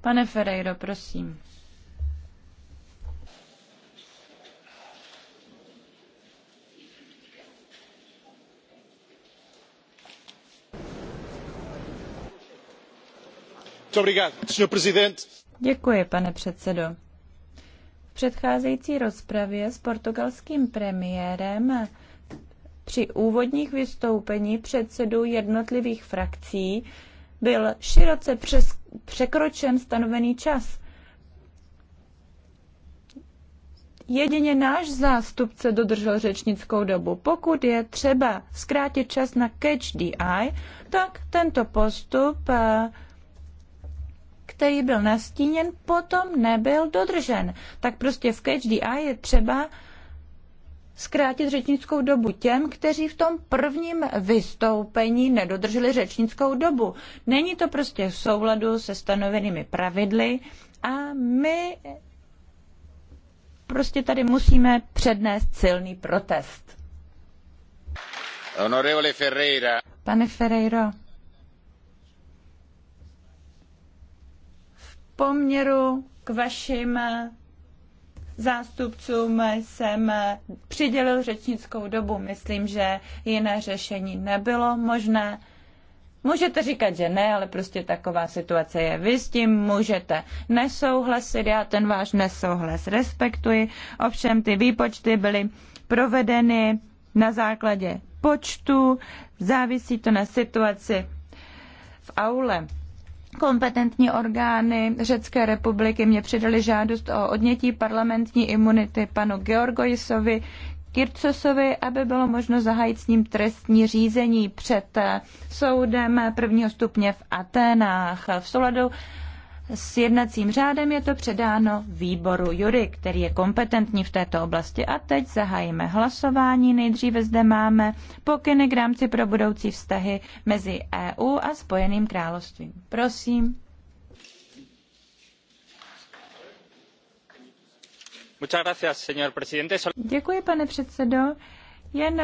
Pane Ferreiro, prosím. Děkuji, pane předsedo. V předcházející rozpravě s portugalským premiérem při úvodních vystoupení předsedů jednotlivých frakcí byl široce přes, překročen stanovený čas. Jedině náš zástupce dodržel řečnickou dobu. Pokud je třeba zkrátit čas na catch the eye, tak tento postup, eh, který byl nastíněn, potom nebyl dodržen. Tak prostě v catch the eye je třeba zkrátit řečnickou dobu těm, kteří v tom prvním vystoupení nedodrželi řečnickou dobu. Není to prostě v souladu se stanovenými pravidly a my prostě tady musíme přednést silný protest. Honorevole Ferreira. Pane Ferreiro, v poměru k vašim zástupcům jsem přidělil řečnickou dobu. Myslím, že jiné řešení nebylo možné. Můžete říkat, že ne, ale prostě taková situace je. Vy s tím můžete nesouhlasit, já ten váš nesouhlas respektuji. Ovšem ty výpočty byly provedeny na základě počtu, závisí to na situaci v aule. Kompetentní orgány Řecké republiky mě přidali žádost o odnětí parlamentní imunity panu Georgojisovi Kircosovi, aby bylo možno zahájit s ním trestní řízení před eh, soudem prvního stupně v Aténách v souladu s jednacím řádem je to předáno výboru Jury, který je kompetentní v této oblasti. A teď zahájíme hlasování. Nejdříve zde máme pokyny k rámci pro budoucí vztahy mezi EU a Spojeným královstvím. Prosím. Děkuji, pane předsedo. Jen